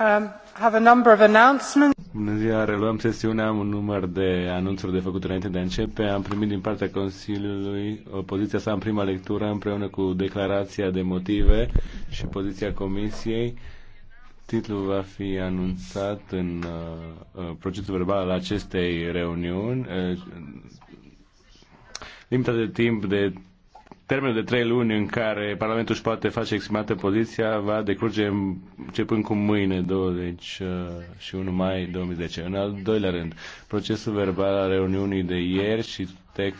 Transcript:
Um, reluăm sesiunea, am un număr de anunțuri de făcut înainte de a începe. Am primit din partea Consiliului poziția sa în prima lectură împreună cu declarația de motive și poziția Comisiei. Titlul va fi anunțat în uh, uh procesul verbal al acestei reuniuni. Uh, limita de timp de Termenul de trei luni în care Parlamentul își poate face exprimată poziția va decurge începând cu mâine, 1 uh, mai 2010. În al doilea rând, procesul verbal al reuniunii de ieri și text